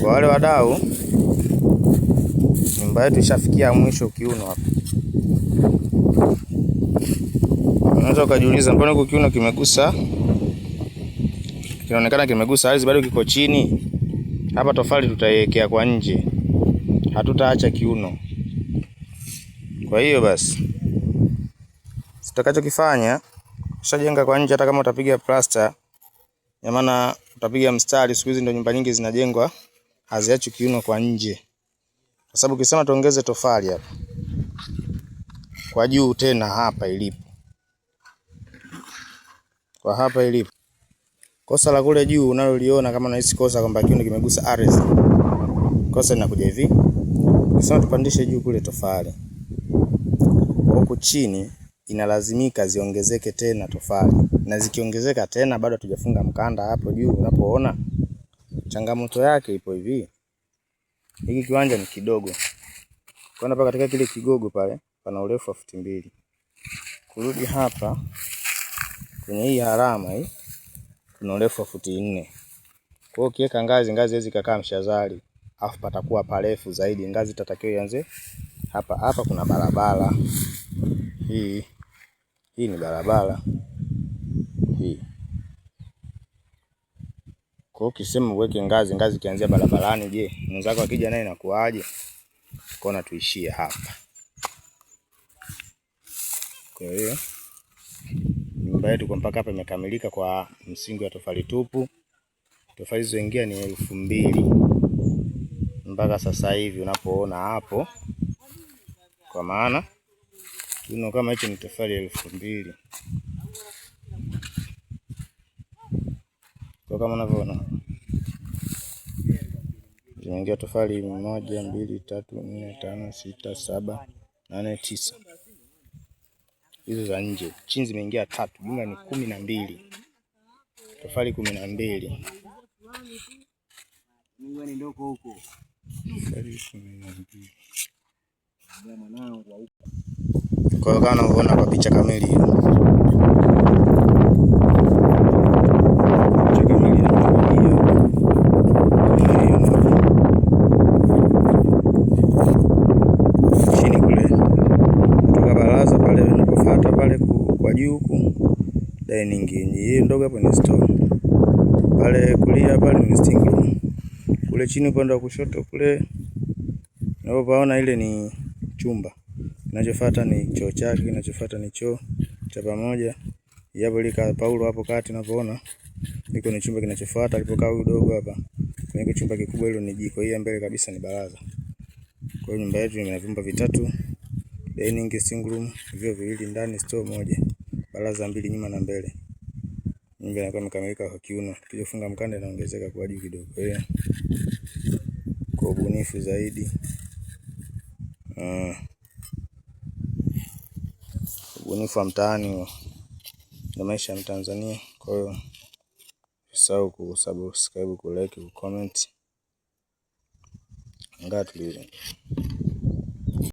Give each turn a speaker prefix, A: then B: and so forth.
A: Kwa wale wadau, nyumba yetu ishafikia mwisho kiuno hapa. Unaweza ukajiuliza mbona huko kiuno kimegusa, kinaonekana kimegusa ardhi, bado kiko chini hapa. Tofali tutaiwekea kwa nje, hatutaacha kiuno. Kwa hiyo basi sitakachokifanya ushajenga kwa nje, hata kama utapiga plasta ya maana utapiga mstari. Siku hizi ndio nyumba nyingi zinajengwa haziachi kiuno kwa nje, kwa sababu ukisema tuongeze tofali hapa kwa juu tena hapa ilipo kwa hapa ilipo, kosa la kule juu unaloliona kama nahisi kosa kwamba kiuno kimegusa ardhi, kosa linakuja hivi, ukisema tupandishe juu kule tofali huku chini inalazimika ziongezeke tena tofali, na zikiongezeka tena bado hatujafunga mkanda hapo juu. Unapoona changamoto yake ipo hivi, hiki kiwanja ni kidogo kwenda paka katika kile kigogo pale, pana urefu wa futi mbili. Kurudi hapa kwenye hii harama hii kuna urefu wa futi nne. Kwa hiyo ukiweka ngazi, ngazi hizi kakaa mshazali, afu patakuwa parefu zaidi, ngazi tatakiwa ianze hapa hapa. Kuna barabara hii hii ni barabara hii. Kwa hiyo ukisema uweke ngazi, ngazi kianzia barabarani, je, mwenzako akija naye inakuaje? Kona tuishie hapa. Kwa hiyo nyumba yetu kwa mpaka hapa imekamilika kwa msingi wa tofali tupu. Tofali zilizoingia ni elfu mbili mpaka sasa hivi unapoona hapo, kwa maana Kiuno kama hicho ni tofali elfu mbili kwa kama unavyoona zimeingia tofali moja, mbili, tatu, nne, tano, sita, saba, nane, tisa. Hizo za nje chini zimeingia tatu, jumla ni kumi na mbili tofali kumi na mbili tofali kumi na mbili. Kwa hiyo kama unavyoona kwa picha kamili hiyo. dining hii ndogo hapo ni store. Pale kulia pale ni sitting room. Kule chini upande wa kushoto kule unapoona ile ni chumba. Kinachofuata ni choo chake, kinachofuata ni choo cha pamoja. Hapo lika Paulo hapo kati unavyoona. Niko ni chumba kinachofuata alipokaa huyu dogo hapa. Kuna chumba kikubwa hilo ni jiko, hii mbele kabisa ni baraza. Kwa hiyo nyumba yetu ina vyumba vitatu. Dining, sitting room, vyo viwili ndani, store moja. Baraza mbili nyuma na mbele. Nyumba inakuwa imekamilika kwa kiuno. Tukifunga mkanda inaongezeka kwa juu kidogo. Eh. Kwa ubunifu zaidi. Ah ubunifu wa mtaani na maisha ya Mtanzania. Kwa hiyo usisahau kusubscribe, kulike, kucomment. Ngatuli